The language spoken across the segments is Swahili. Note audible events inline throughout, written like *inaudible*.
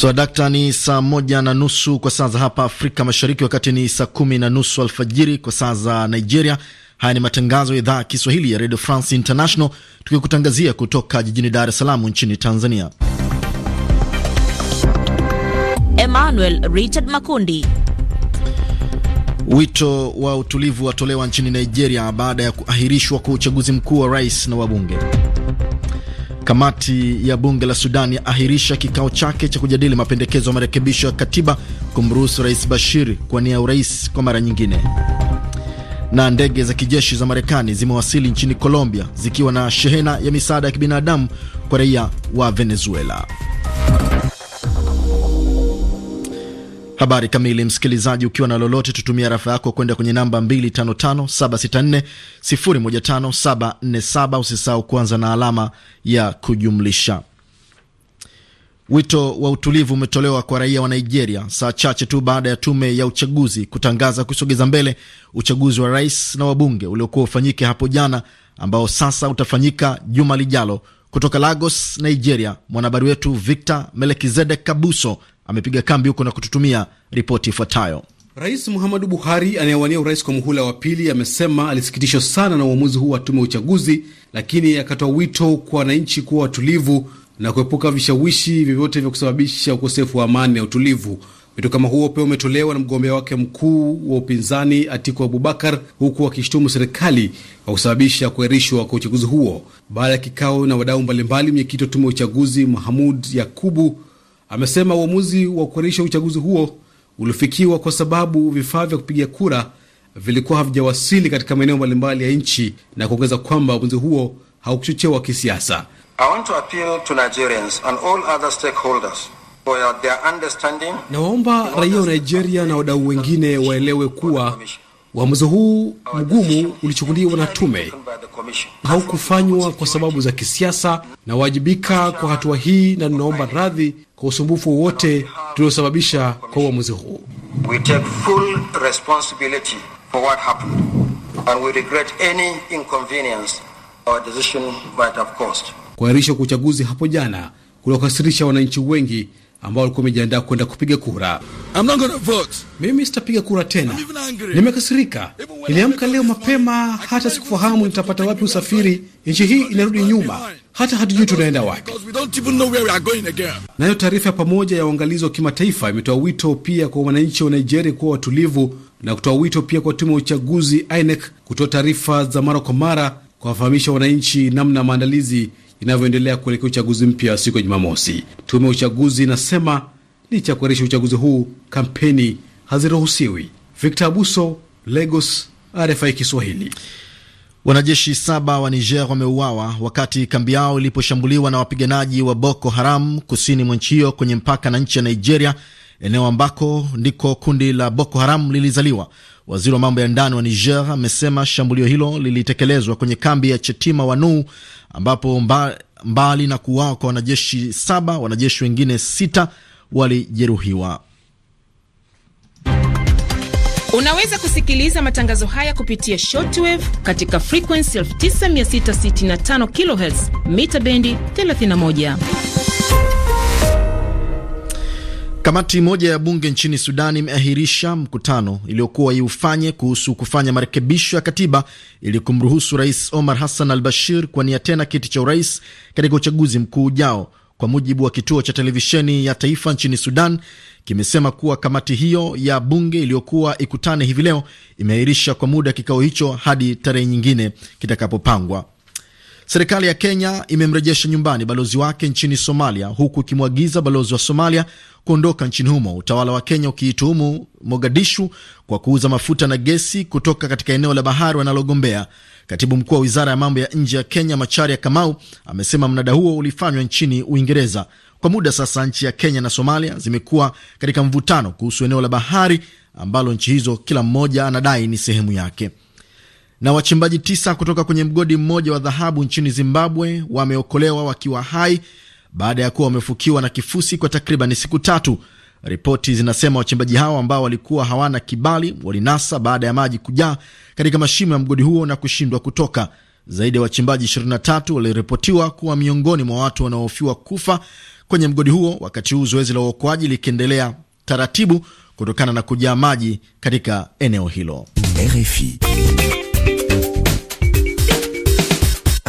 Swadakta so, ni saa moja na nusu kwa saa za hapa Afrika Mashariki, wakati ni saa kumi na nusu alfajiri kwa saa za Nigeria. Haya ni matangazo ya idhaa ya Kiswahili ya Radio France International, tukikutangazia kutoka jijini Dar es Salaam nchini Tanzania. Emmanuel Richard Makundi. Wito wa utulivu watolewa nchini Nigeria baada ya kuahirishwa kwa uchaguzi mkuu wa rais na wabunge. Kamati ya bunge la sudani yaahirisha kikao chake cha kujadili mapendekezo ya marekebisho ya katiba kumruhusu Rais Bashir kuwania urais kwa mara nyingine. Na ndege za kijeshi za Marekani zimewasili nchini Colombia zikiwa na shehena ya misaada ya kibinadamu kwa raia wa Venezuela. Habari kamili, msikilizaji, ukiwa na lolote, tutumia rafa yako kwenda kwenye namba 255764015747. Usisahau kuanza na alama ya kujumlisha. Wito wa utulivu umetolewa kwa raia wa Nigeria saa chache tu baada ya tume ya uchaguzi kutangaza kusogeza mbele uchaguzi wa rais na wabunge uliokuwa ufanyike hapo jana, ambao sasa utafanyika juma lijalo. Kutoka Lagos, Nigeria, mwanahabari wetu Victor Melekizedek Kabuso amepiga kambi huko na kututumia ripoti ifuatayo. Rais Muhammadu Buhari anayewania urais kwa muhula wa pili amesema alisikitishwa sana na uamuzi huu wa tume ya uchaguzi, lakini akatoa wito kwa wananchi kuwa watulivu na kuepuka vishawishi vyovyote vya kusababisha ukosefu wa amani na utulivu. Wito kama huo pia umetolewa na mgombea wake mkuu wa upinzani Atiku Abubakar, huku akishutumu serikali kwa kusababisha kuahirishwa kwa uchaguzi huo. Baada ya kikao na wadau mbalimbali, mwenyekiti wa tume ya uchaguzi Mahamud Yakubu amesema uamuzi wa kuahirisha uchaguzi huo ulifikiwa kwa sababu vifaa vya kupiga kura vilikuwa havijawasili katika maeneo mbalimbali ya nchi na kuongeza kwamba uamuzi huo haukuchochewa kisiasa. Nawaomba raia wa Nigeria na wadau wengine waelewe kuwa Uamuzi huu mgumu ulichukuliwa na tume, haukufanywa kwa sababu za kisiasa. Nawajibika kwa hatua hii na ninaomba radhi kwa usumbufu wowote tuliosababisha kwa uamuzi huu. Kuahirisha kwa uchaguzi hapo jana kuliokasirisha wananchi wengi ambao walikuwa wamejiandaa kwenda kupiga kura. Mimi sitapiga kura tena, nimekasirika. Niliamka leo mapema, hata sikufahamu nitapata wapi usafiri. Nchi hii inarudi nyuma, hata hatujui tunaenda wapi. Nayo taarifa ya pamoja ya uangalizi wa kimataifa imetoa wito pia kwa wananchi wa Nigeria kuwa watulivu na kutoa wito pia kwa tume ya uchaguzi INEC kutoa taarifa za mara kwa mara kuwafahamisha wananchi namna maandalizi inavyoendelea kuelekea uchaguzi mpya wa siku ya Jumamosi. Tume ya uchaguzi inasema licha ya kuahirisha uchaguzi huu, kampeni haziruhusiwi. Victor Abuso, Lagos, RFI Kiswahili. Wanajeshi saba wa Niger wameuawa wakati kambi yao iliposhambuliwa na wapiganaji wa Boko Haram kusini mwa nchi hiyo kwenye mpaka na nchi ya Nigeria, eneo ambako ndiko kundi la Boko Haram lilizaliwa. Waziri wa mambo ya ndani wa Niger amesema shambulio hilo lilitekelezwa kwenye kambi ya Chetima wanuu ambapo mba, mbali na kuuawa kwa wanajeshi saba, wanajeshi wengine sita walijeruhiwa. Unaweza kusikiliza matangazo haya kupitia shortwave katika frequency 9665 kHz mita bendi 31. Kamati moja ya bunge nchini Sudan imeahirisha mkutano iliyokuwa iufanye kuhusu kufanya marekebisho ya katiba ili kumruhusu Rais Omar Hassan al Bashir kuwania tena kiti cha urais katika uchaguzi mkuu ujao. Kwa mujibu wa kituo cha televisheni ya taifa nchini Sudan, kimesema kuwa kamati hiyo ya bunge iliyokuwa ikutane hivi leo imeahirisha kwa muda kikao hicho hadi tarehe nyingine kitakapopangwa. Serikali ya Kenya imemrejesha nyumbani balozi wake nchini Somalia, huku ikimwagiza balozi wa Somalia kuondoka nchini humo, utawala wa Kenya ukiituhumu Mogadishu kwa kuuza mafuta na gesi kutoka katika eneo la bahari wanalogombea. Katibu mkuu wa wizara ya mambo ya nje ya Kenya, Macharia Kamau, amesema mnada huo ulifanywa nchini Uingereza. Kwa muda sasa, nchi ya Kenya na Somalia zimekuwa katika mvutano kuhusu eneo la bahari ambalo nchi hizo kila mmoja anadai ni sehemu yake. Na wachimbaji tisa kutoka kwenye mgodi mmoja wa dhahabu nchini Zimbabwe wameokolewa wakiwa hai baada ya kuwa wamefukiwa na kifusi kwa takriban siku tatu. Ripoti zinasema wachimbaji hao ambao walikuwa hawana kibali walinasa baada ya maji kujaa katika mashimo ya mgodi huo na kushindwa kutoka. Zaidi ya wachimbaji 23 waliripotiwa kuwa miongoni mwa watu wanaohofiwa kufa kwenye mgodi huo, wakati huu zoezi la uokoaji likiendelea taratibu kutokana na kujaa maji katika eneo hilo. RFI.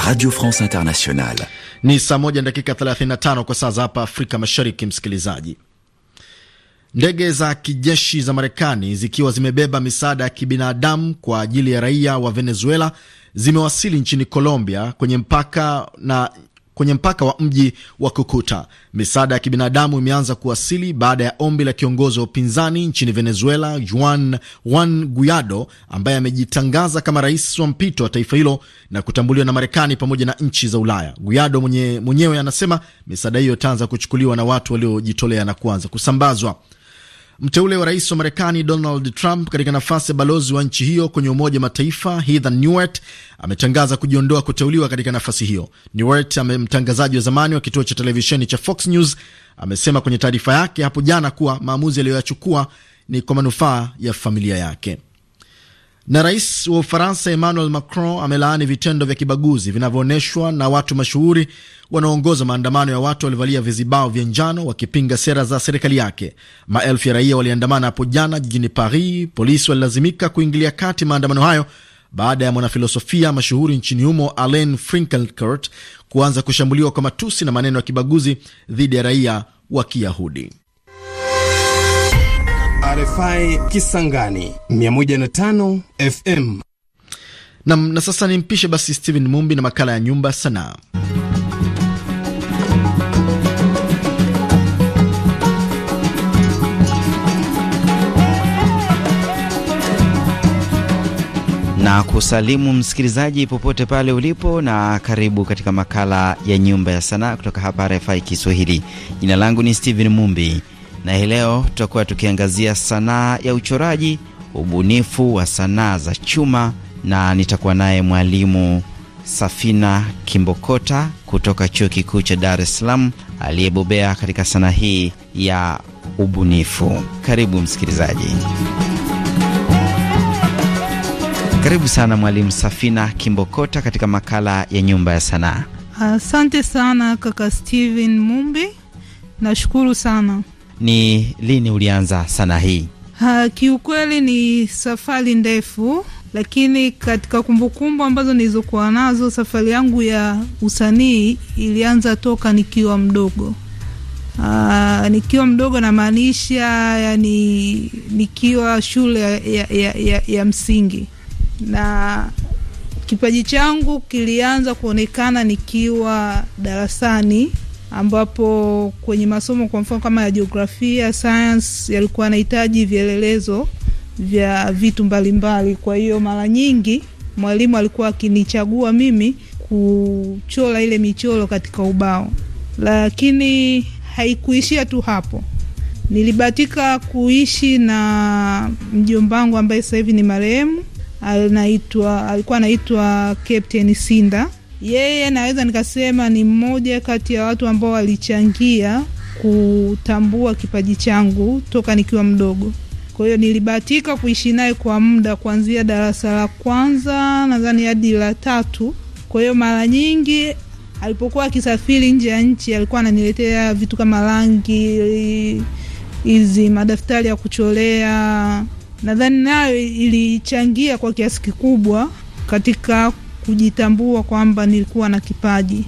Radio France Internationale. Ni saa moja na dakika 35 kwa saa za hapa Afrika Mashariki, msikilizaji. Ndege za kijeshi za Marekani zikiwa zimebeba misaada ya kibinadamu kwa ajili ya raia wa Venezuela zimewasili nchini Colombia kwenye mpaka na kwenye mpaka wa mji wa Kukuta. Misaada ya kibinadamu imeanza kuwasili baada ya ombi la kiongozi wa upinzani nchini Venezuela, Juan Juan Guaido, ambaye amejitangaza kama rais wa mpito wa taifa hilo na kutambuliwa na Marekani pamoja na nchi za Ulaya. Guaido mwenye, mwenyewe anasema misaada hiyo itaanza kuchukuliwa na watu waliojitolea na kuanza kusambazwa. Mteule wa rais wa Marekani Donald Trump katika nafasi ya balozi wa nchi hiyo kwenye Umoja wa Mataifa Heather Nauert ametangaza kujiondoa kuteuliwa katika nafasi hiyo. Nauert, mtangazaji wa zamani wa kituo cha televisheni cha Fox News, amesema kwenye taarifa yake hapo jana kuwa maamuzi aliyoyachukua ni kwa manufaa ya familia yake. Na rais wa Ufaransa Emmanuel Macron amelaani vitendo vya kibaguzi vinavyoonyeshwa na watu mashuhuri wanaoongoza maandamano ya watu waliovalia vizibao vya njano wakipinga sera za serikali yake. Maelfu ya raia waliandamana hapo jana jijini Paris. Polisi walilazimika kuingilia kati maandamano hayo baada ya mwanafilosofia mashuhuri nchini humo Alain Finkielkraut kuanza kushambuliwa kwa matusi na maneno ya kibaguzi dhidi ya raia wa Kiyahudi. RFI Kisangani 105 FM. Na, na sasa nimpishe basi Steven Mumbi na makala ya nyumba sanaa. Na kusalimu msikilizaji popote pale ulipo, na karibu katika makala ya nyumba ya sanaa kutoka hapa RFI Kiswahili. Jina langu ni Steven Mumbi na hii leo tutakuwa tukiangazia sanaa ya uchoraji, ubunifu wa sanaa za chuma, na nitakuwa naye mwalimu Safina Kimbokota kutoka Chuo Kikuu cha Dar es Salaam aliyebobea katika sanaa hii ya ubunifu. Karibu msikilizaji. Karibu sana mwalimu Safina Kimbokota katika makala ya Nyumba ya Sanaa. Asante sana kaka Steven Mumbi, nashukuru sana ni lini ulianza sanaa hii? Ha, kiukweli ni safari ndefu, lakini katika kumbukumbu ambazo nilizokuwa nazo, safari yangu ya usanii ilianza toka nikiwa mdogo. Aa, nikiwa mdogo namaanisha yani nikiwa shule ya, ya, ya, ya msingi, na kipaji changu kilianza kuonekana nikiwa darasani ambapo kwenye masomo kwa mfano kama ya jiografia, science yalikuwa yanahitaji vielelezo vya vitu mbalimbali Kwa hiyo mara nyingi mwalimu alikuwa akinichagua mimi kuchora ile michoro katika ubao, lakini haikuishia tu hapo. Nilibahatika kuishi na mjombangu ambaye sasa hivi ni marehemu, anaitwa alikuwa anaitwa Captain Sinda yeye naweza nikasema ni mmoja kati ya watu ambao walichangia kutambua kipaji changu toka nikiwa mdogo. Kwa hiyo nilibahatika kuishi naye kwa muda kuanzia darasa la kwanza nadhani hadi la tatu. Kwa hiyo mara nyingi alipokuwa akisafiri nje ya nchi alikuwa ananiletea vitu kama rangi hizi, madaftari ya kucholea Nadhani nayo ilichangia kwa kiasi kikubwa katika kujitambua kwamba nilikuwa na kipaji,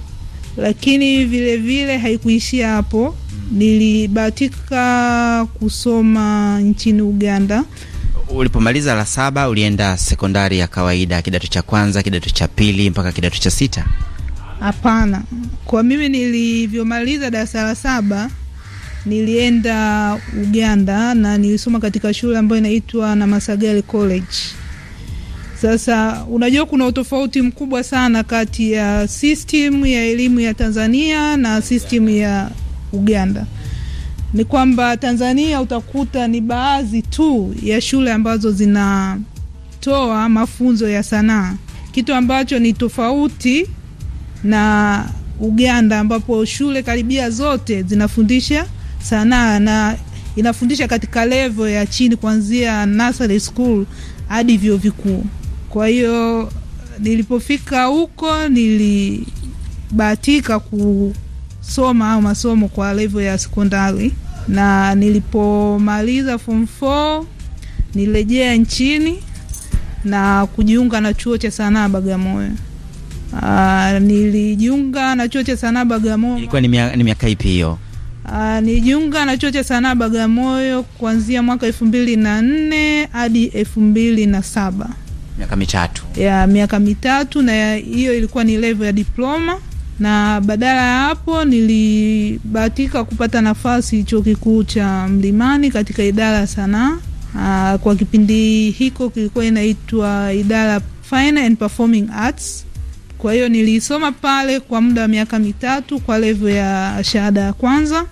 lakini vile vile haikuishia hapo. Nilibahatika kusoma nchini Uganda. Ulipomaliza la saba ulienda sekondari ya kawaida, kidato cha kwanza, kidato cha pili mpaka kidato cha sita? Hapana, kwa mimi nilivyomaliza darasa la saba nilienda Uganda na nilisoma katika shule ambayo inaitwa Namasagali College. Sasa unajua kuna utofauti mkubwa sana kati ya system ya elimu ya Tanzania na system ya Uganda. Ni kwamba Tanzania utakuta ni baadhi tu ya shule ambazo zinatoa mafunzo ya sanaa, kitu ambacho ni tofauti na Uganda ambapo shule karibia zote zinafundisha sanaa na inafundisha katika level ya chini kuanzia nursery school hadi vyuo vikuu. Kwa hiyo nilipofika huko nilibahatika kusoma au masomo kwa level ya sekondari, na nilipomaliza form 4 nilirejea nchini na kujiunga na chuo cha sanaa Bagamoyo. Uh, nilijiunga na chuo cha sanaa Bagamoyo. Ilikuwa ni miaka ipi hiyo? Uh, nilijiunga na chuo cha sanaa Bagamoyo kuanzia mwaka elfu mbili na nne hadi elfu mbili na saba miaka mitatu ya miaka mitatu, na hiyo ilikuwa ni level ya diploma, na badala ya hapo nilibahatika kupata nafasi chuo kikuu cha Mlimani katika idara ya sanaa. Ah, kwa kipindi hiko kilikuwa inaitwa idara Fine and Performing Arts. Kwa hiyo nilisoma pale kwa muda wa miaka mitatu kwa levo ya shahada ya kwanza.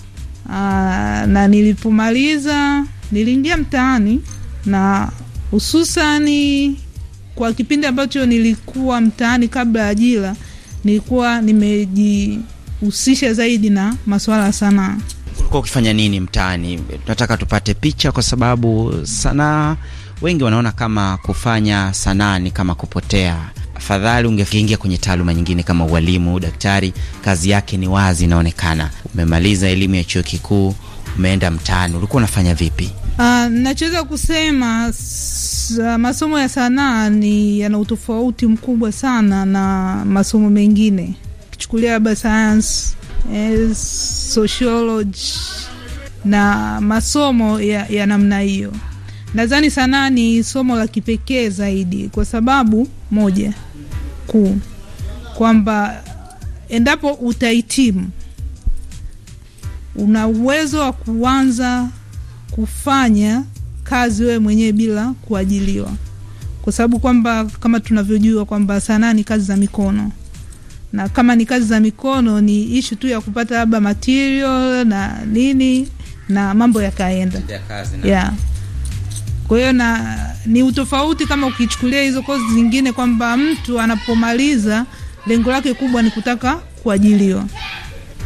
Aa, ah, na nilipomaliza niliingia mtaani na hususani kwa kipindi ambacho nilikuwa mtaani kabla ya ajira, nilikuwa nimejihusisha zaidi na maswala ya sanaa. Ulikuwa ukifanya nini mtaani? Tunataka tupate picha, kwa sababu sanaa wengi wanaona kama kufanya sanaa ni kama kupotea. Afadhali ungeingia kwenye taaluma nyingine kama ualimu, daktari. Kazi yake ni wazi, inaonekana. Umemaliza elimu ya chuo kikuu, umeenda mtaani, ulikuwa unafanya vipi? Uh, nachoweza kusema Uh, masomo ya sanaa ni yana utofauti mkubwa sana na masomo mengine, kichukulia labda sayansi, eh, sociology na masomo ya, ya namna hiyo. Nadhani sanaa ni somo la kipekee zaidi kwa sababu moja kuu kwamba endapo utahitimu una uwezo wa kuanza kufanya kazi wewe mwenyewe bila kuajiliwa, kwa sababu kwamba kama tunavyojua kwamba sanaa ni kazi za mikono na kama ni kazi za mikono ni ishu tu ya kupata labda material na nini na mambo yakaenda ya Kwa hiyo na ni utofauti kama ukichukulia hizo kozi zingine kwamba mtu anapomaliza lengo lake kubwa ni kutaka kuajiliwa.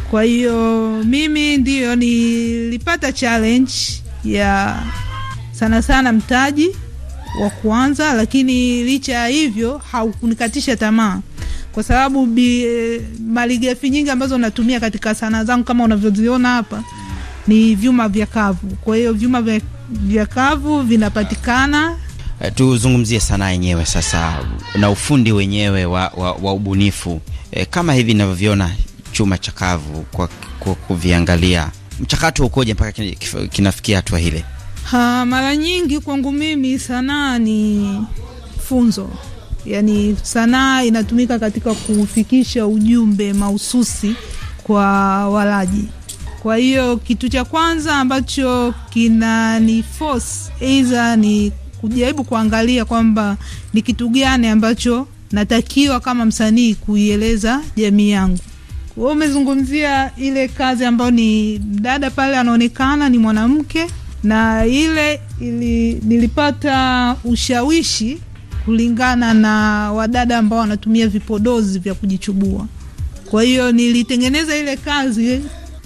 Kwa hiyo mimi ndiyo nilipata challenge ya sana sana mtaji wa kuanza, lakini licha ya hivyo haukunikatisha tamaa kwa sababu bi, e, malighafi nyingi ambazo natumia katika sanaa zangu kama unavyoziona hapa ni vyuma vya kavu. Kwa hiyo vyuma vya, vya kavu vinapatikana. Eh, tuzungumzie sanaa yenyewe sasa na ufundi wenyewe wa, wa, wa ubunifu e, kama hivi ninavyoviona chuma kavu kwa, kwa kuviangalia mchakato ukoje mpaka kinafikia hatua hile? Ha, mara nyingi kwangu mimi sanaa ni funzo, yaani sanaa inatumika katika kufikisha ujumbe mahususi kwa walaji. Kwa hiyo kitu cha kwanza ambacho kina ni force aidha ni kujaribu kuangalia kwamba ni kitu gani ambacho natakiwa kama msanii kuieleza jamii yangu. Wewe umezungumzia ile kazi ambayo ni dada pale, anaonekana ni mwanamke na ile ili, nilipata ushawishi kulingana na wadada ambao wanatumia vipodozi vya kujichubua. Kwa hiyo nilitengeneza ile kazi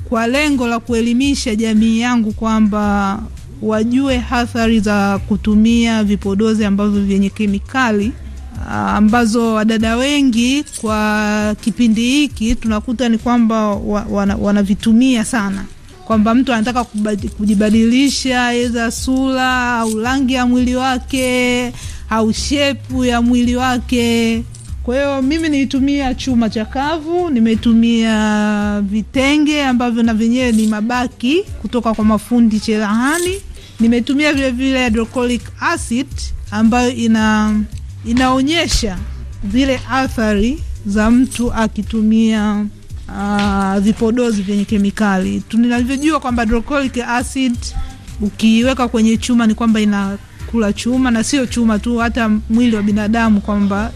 kwa lengo la kuelimisha jamii yangu kwamba wajue hathari za kutumia vipodozi ambavyo vyenye kemikali ambazo wadada wengi kwa kipindi hiki tunakuta ni kwamba wanavitumia wana, sana kwamba mtu anataka kujibadilisha aidha sura au rangi ya mwili wake au shepu ya mwili wake. Kwa hiyo mimi nilitumia chuma chakavu, nimetumia vitenge ambavyo na vyenyewe ni mabaki kutoka kwa mafundi cherehani. Nimetumia vilevile hydrochloric acid ambayo ina inaonyesha zile athari za mtu akitumia uh, vipodozi vyenye kemikali. Tunavyojua kwamba hydrochloric acid ukiweka kwenye chuma ni kwamba inakula chuma na sio chuma tu, hata mwili wa binadamu kwamba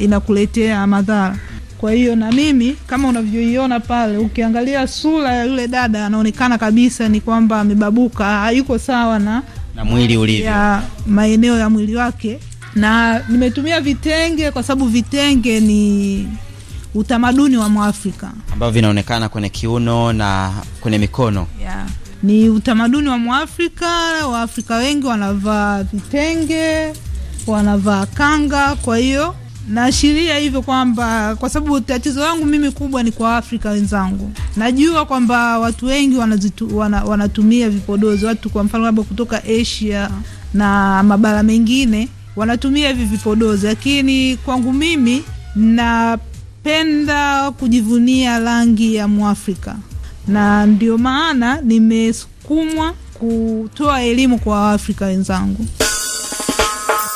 inakuletea ina, ina madhara. Kwa hiyo na mimi kama unavyoiona pale, ukiangalia sura ya yule dada anaonekana kabisa ni kwamba amebabuka, hayuko sawa na, na mwili ulivyo ya maeneo ya mwili wake, na nimetumia vitenge kwa sababu vitenge ni utamaduni wa Mwafrika ambao vinaonekana kwenye kiuno na kwenye mikono yeah. Ni utamaduni wa Mwafrika. Waafrika wengi wanavaa vitenge, wanavaa kanga, kwa hiyo naashiria hivyo kwamba kwa sababu tatizo langu mimi kubwa ni kwa Afrika wenzangu. Najua kwamba watu wengi wanazitu, wana, wanatumia vipodozi watu, kwa mfano labda kutoka Asia na mabara mengine wanatumia hivi vipodozi, lakini kwangu mimi na napenda kujivunia rangi ya Mwafrika, na ndio maana nimesukumwa kutoa elimu kwa Waafrika wenzangu.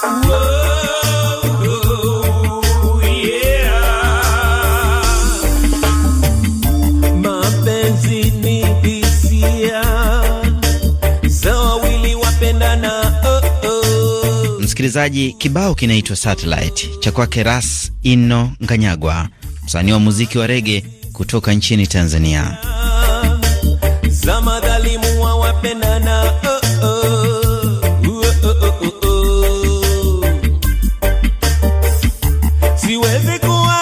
Oh, oh. Msikilizaji, kibao kinaitwa Satellite cha kwake Ras Ino Nganyagwa msanii wa muziki wa rege kutoka nchini Tanzania. Oh, oh, oh, Siwezi kuwa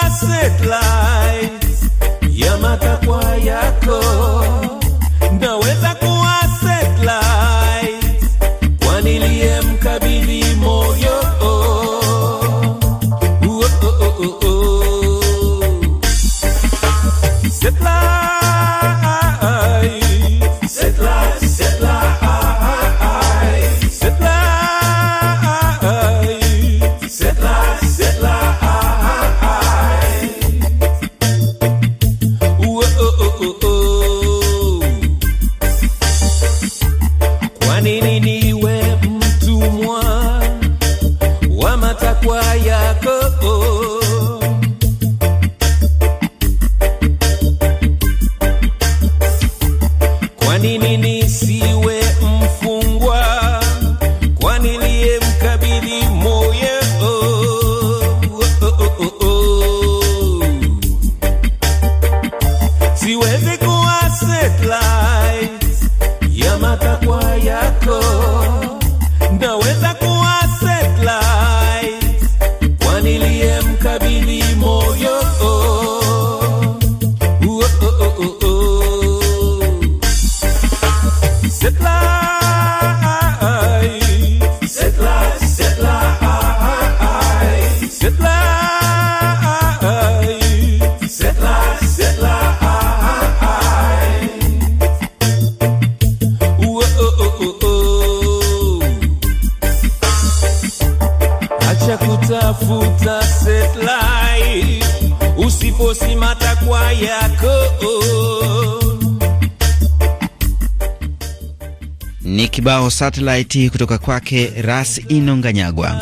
ni kibao satellite kutoka kwake Ras Inonganyagwa.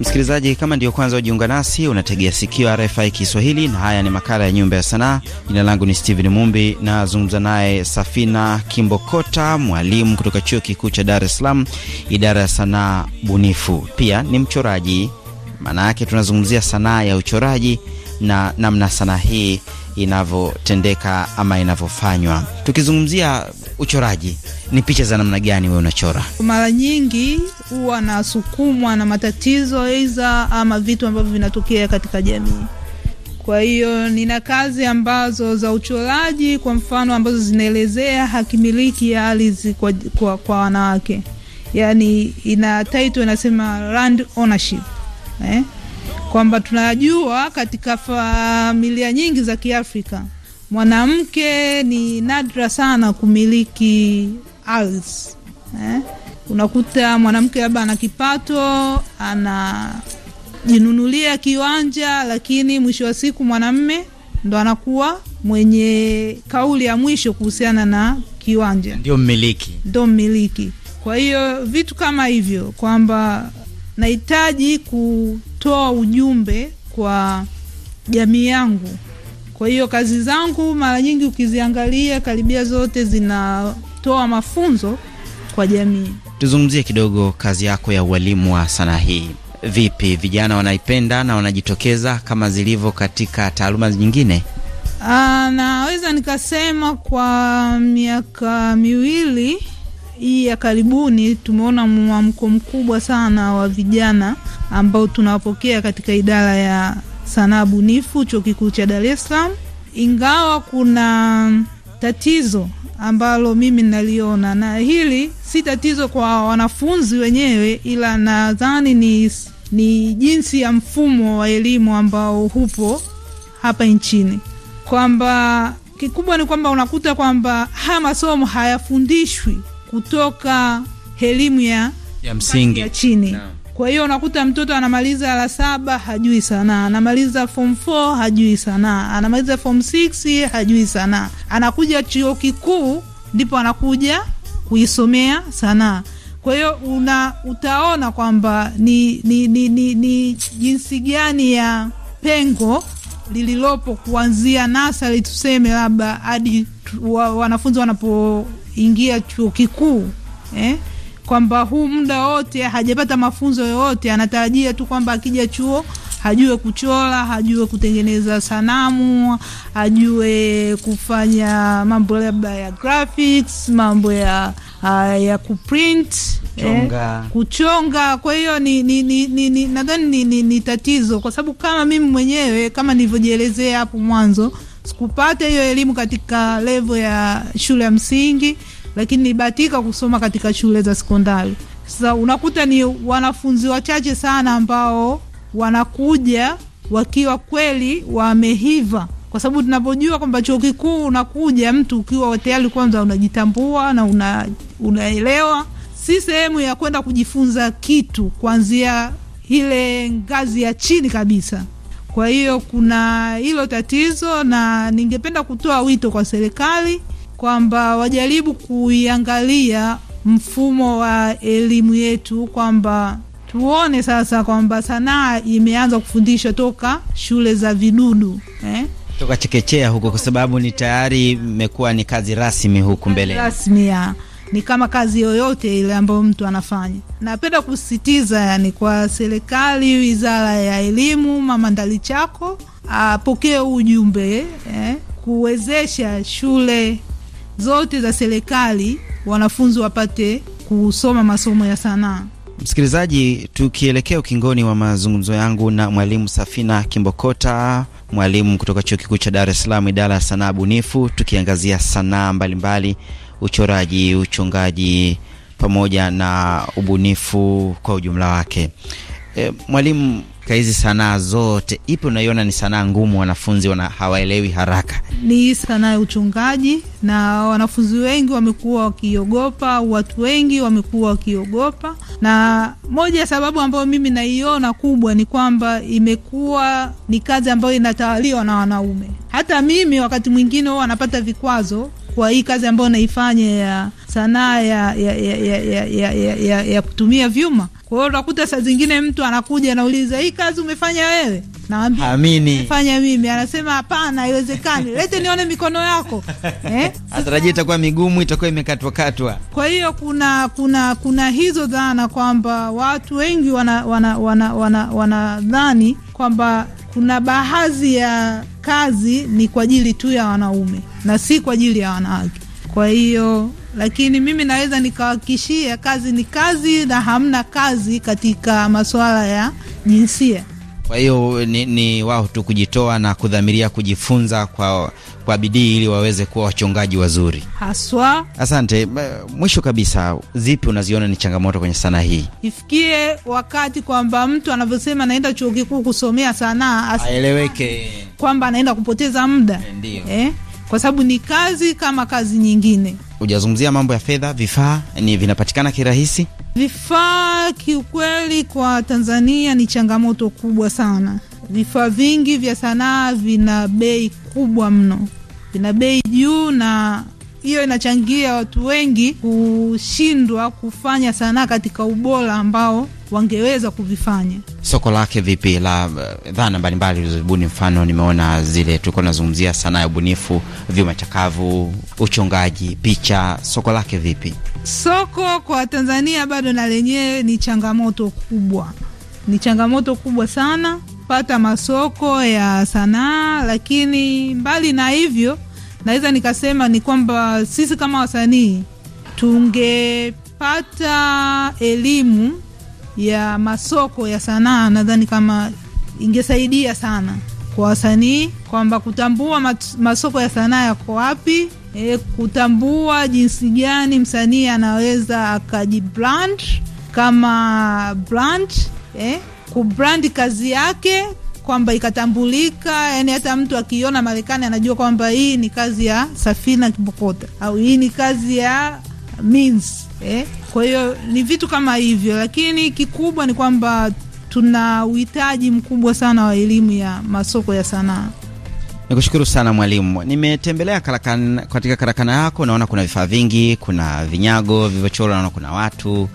Msikilizaji, kama ndiyo kwanza ujiunga nasi, unategea sikio RFI Kiswahili na haya ni makala ya Nyumba ya Sanaa. Jina langu ni Steven Mumbi, nazungumza naye Safina Kimbokota, mwalimu kutoka Chuo Kikuu cha Dar es Salaam, idara ya sanaa bunifu, pia ni mchoraji maana yake tunazungumzia sanaa ya uchoraji na namna sanaa hii inavyotendeka ama inavyofanywa. Tukizungumzia uchoraji, ni picha za namna gani wewe unachora? Mara nyingi huwa nasukumwa na matatizo aidha ama vitu ambavyo vinatokea katika jamii. Kwa hiyo nina kazi ambazo za uchoraji, kwa mfano, ambazo zinaelezea hakimiliki ya ardhi kwa wanawake, yaani ina title inasema land ownership eh? kwamba tunajua katika familia nyingi za Kiafrika mwanamke ni nadra sana kumiliki ardhi eh? Unakuta mwanamke labda ana kipato, anajinunulia kiwanja, lakini mwisho wa siku mwanamme ndo anakuwa mwenye kauli ya mwisho kuhusiana na kiwanja, ndio mmiliki, ndo mmiliki. Kwa hiyo vitu kama hivyo kwamba nahitaji kutoa ujumbe kwa jamii yangu. Kwa hiyo kazi zangu mara nyingi ukiziangalia, karibia zote zinatoa mafunzo kwa jamii. Tuzungumzie kidogo kazi yako ya ualimu wa sanaa hii. Vipi, vijana wanaipenda na wanajitokeza kama zilivyo katika taaluma nyingine? Aa, ah, naweza nikasema kwa miaka miwili hii ya karibuni tumeona mwamko mkubwa sana wa vijana ambao tunawapokea katika idara ya sanaa bunifu chuo kikuu cha Dar es Salaam, ingawa kuna tatizo ambalo mimi naliona, na hili si tatizo kwa wanafunzi wenyewe, ila nadhani ni, ni jinsi ya mfumo wa elimu ambao hupo hapa nchini, kwamba kikubwa ni kwamba unakuta kwamba haya masomo hayafundishwi kutoka elimu ya, ya msingi ya chini no. Kwa hiyo unakuta mtoto anamaliza la saba hajui sanaa, anamaliza form 4 hajui sanaa, anamaliza form 6 hajui sanaa, anakuja chuo kikuu ndipo anakuja kuisomea sanaa. Kwa hiyo una utaona kwamba ni, ni, ni, ni, ni jinsi gani ya pengo lililopo kuanzia nasari tuseme labda hadi wanafunzi wanapo ingia chuo kikuu eh, kwamba huu muda wote hajapata mafunzo yoyote, anatarajia tu kwamba akija chuo hajue kuchora, hajue kutengeneza sanamu, hajue kufanya mambo labda ya graphics, mambo ya uh, ya kuprint eh? kuchonga, eh, kuchonga. Kwa hiyo ni, ni, ni, ni, ni, nadhani ni, ni, ni tatizo kwa sababu kama mimi mwenyewe kama nilivyojielezea hapo mwanzo sikupata hiyo elimu katika levo ya shule ya msingi, lakini nilibahatika kusoma katika shule za sekondari. Sasa unakuta ni wanafunzi wachache sana ambao wanakuja wakiwa kweli wamehiva kwa sababu tunapojua kwamba chuo kikuu unakuja mtu ukiwa tayari kwanza unajitambua na una, unaelewa si sehemu ya kwenda kujifunza kitu kuanzia ile ngazi ya chini kabisa. Kwa hiyo kuna hilo tatizo, na ningependa kutoa wito kwa serikali kwamba wajaribu kuiangalia mfumo wa elimu yetu, kwamba tuone sasa kwamba sanaa imeanza kufundishwa toka shule za vidudu eh? toka chekechea huko, kwa sababu ni tayari imekuwa ni kazi rasmi huku mbele rasmi ya ni kama kazi yoyote ile ambayo mtu anafanya. Napenda kusisitiza yani kwa serikali, wizara ya elimu, mama Ndalichako apokee ujumbe eh, kuwezesha shule zote za serikali wanafunzi wapate kusoma masomo ya sanaa. Msikilizaji, tukielekea ukingoni wa mazungumzo yangu na mwalimu Safina Kimbokota, mwalimu kutoka chuo kikuu cha Dar es Salaam, idara ya sanaa bunifu, tukiangazia sanaa mbalimbali mbali uchoraji, uchongaji pamoja na ubunifu kwa ujumla wake. E, mwalimu, katika hizi sanaa zote ipi unaiona ni sanaa ngumu, wanafunzi wana hawaelewi haraka? Ni sanaa ya uchungaji na wanafunzi wengi wamekuwa wakiogopa, watu wengi wamekuwa wakiogopa, na moja ya sababu ambayo mimi naiona kubwa ni kwamba imekuwa ni kazi ambayo inatawaliwa na wanaume. Hata mimi wakati mwingine huwa wanapata vikwazo kwa hii kazi ambayo naifanya ya sanaa ya ya, ya, ya, ya, ya, ya, ya kutumia vyuma. Kwa hiyo unakuta saa zingine mtu anakuja anauliza hii kazi umefanya wewe? Naambia amini fanya mimi, anasema hapana, haiwezekani, *laughs* lete nione mikono yako eh? Atarajia itakuwa migumu, itakuwa imekatwakatwa. Kwa hiyo kuna kuna kuna hizo dhana kwamba watu wengi wanadhani wana, wana, wana, wana kwamba kuna baadhi ya kazi ni kwa ajili tu ya wanaume na si kwa ajili ya wanawake. Kwa hiyo lakini mimi naweza nikawakishia kazi ni kazi na hamna kazi katika masuala ya jinsia. Kwa hiyo ni, ni wao tu kujitoa na kudhamiria kujifunza kwa, kwa bidii ili waweze kuwa wachongaji wazuri haswa. Asante. Mwisho kabisa, zipi unaziona ni changamoto kwenye sanaa hii? Ifikie wakati kwamba mtu anavyosema anaenda chuo kikuu kusomea sanaa aeleweke kwamba anaenda kupoteza muda, ndio eh? kwa sababu ni kazi kama kazi nyingine. Hujazungumzia mambo ya fedha, vifaa ni vinapatikana kirahisi? Vifaa kiukweli kwa Tanzania ni changamoto kubwa sana. Vifaa vingi vya sanaa vina bei kubwa mno, vina bei juu na hiyo inachangia watu wengi kushindwa kufanya sanaa katika ubora ambao wangeweza kuvifanya. Soko lake vipi la uh, dhana mbalimbali ulizozibuni? Mfano, nimeona zile tulikuwa tunazungumzia sanaa ya ubunifu, vyuma chakavu, uchongaji, picha. Soko lake vipi? Soko kwa Tanzania bado na lenyewe ni changamoto kubwa, ni changamoto kubwa sana pata masoko ya sanaa, lakini mbali na hivyo naweza nikasema ni kwamba sisi kama wasanii tungepata elimu ya masoko ya sanaa, nadhani kama ingesaidia sana kwa wasanii kwamba kutambua masoko ya sanaa yako wapi, e, kutambua jinsi gani msanii anaweza akajibrand kama brand, e, kubrandi kazi yake kwamba ikatambulika, yani hata mtu akiona Marekani anajua kwamba hii ni kazi ya Safina Kibokota au hii ni kazi ya means, eh. Kwa hiyo ni vitu kama hivyo, lakini kikubwa ni kwamba tuna uhitaji mkubwa sana wa elimu ya masoko ya sanaa. Nikushukuru sana mwalimu. Nimetembelea katika karakana yako, naona kuna vifaa vingi, kuna vinyago vilivyochorwa, naona kuna watu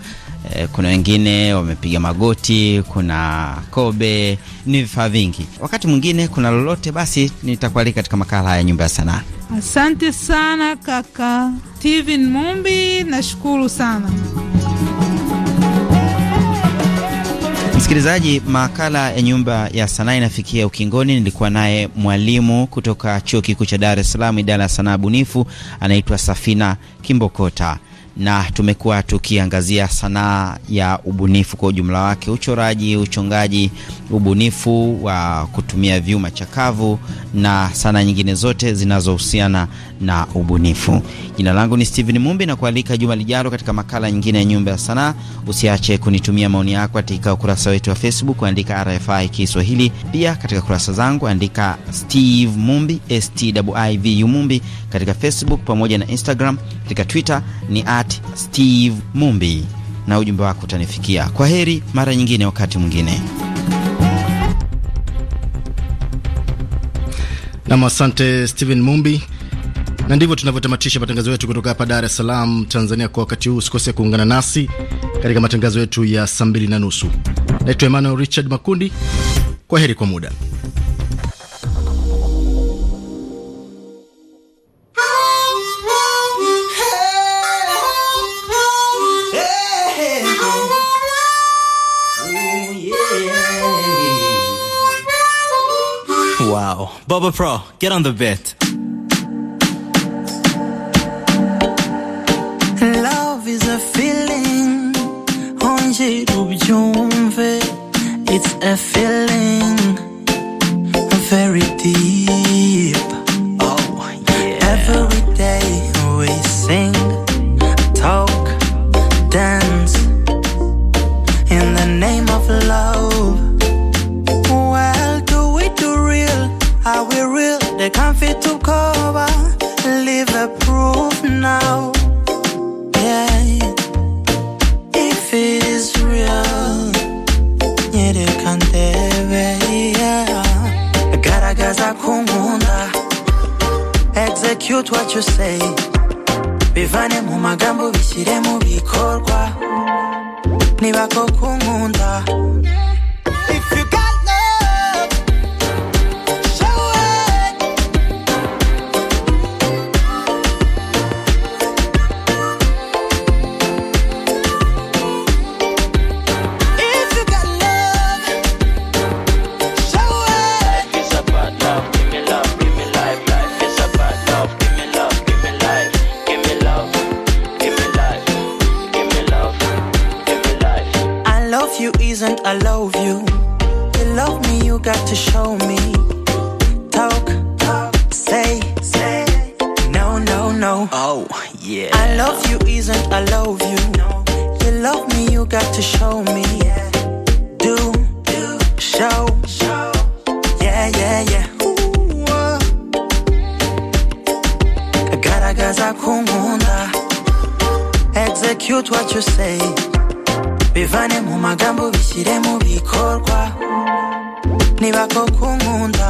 Eh, kuna wengine wamepiga magoti, kuna kobe, ni vifaa vingi. Wakati mwingine kuna lolote, basi nitakualika katika makala ya Nyumba ya Sanaa. Asante sana kaka Steven Mumbi, nashukuru sana. Msikilizaji, makala ya Nyumba ya Sanaa inafikia ukingoni. Nilikuwa naye mwalimu kutoka Chuo Kikuu cha Dar es Salaam, idara ya sanaa bunifu, anaitwa Safina Kimbokota na tumekuwa tukiangazia sanaa ya ubunifu kwa ujumla wake, uchoraji, uchongaji, ubunifu wa kutumia vyuma chakavu na sanaa nyingine zote zinazohusiana na ubunifu. Jina langu ni Steven Mumbi na kualika juma lijalo katika makala nyingine ya Nyumba ya Sanaa. Usiache kunitumia maoni yako katika ukurasa wetu wa Facebook, andika RFI Kiswahili. Pia katika kurasa zangu andika Steve Mumbi, Stivu Mumbi katika Facebook pamoja na Instagram. Katika Twitter ni at Steve Mumbi, na ujumbe wako utanifikia. Kwa heri, mara nyingine, wakati mwingine. Nam, asante Steven Mumbi. Na ndivyo tunavyotamatisha matangazo yetu kutoka hapa Dar es Salaam, Tanzania kwa wakati huu. Usikose kuungana nasi katika matangazo yetu ya saa mbili na nusu. Naitwa Emmanuel Richard Makundi, kwa heri kwa muda. Wow. Baba Pro, get on the bit. ntibakokunda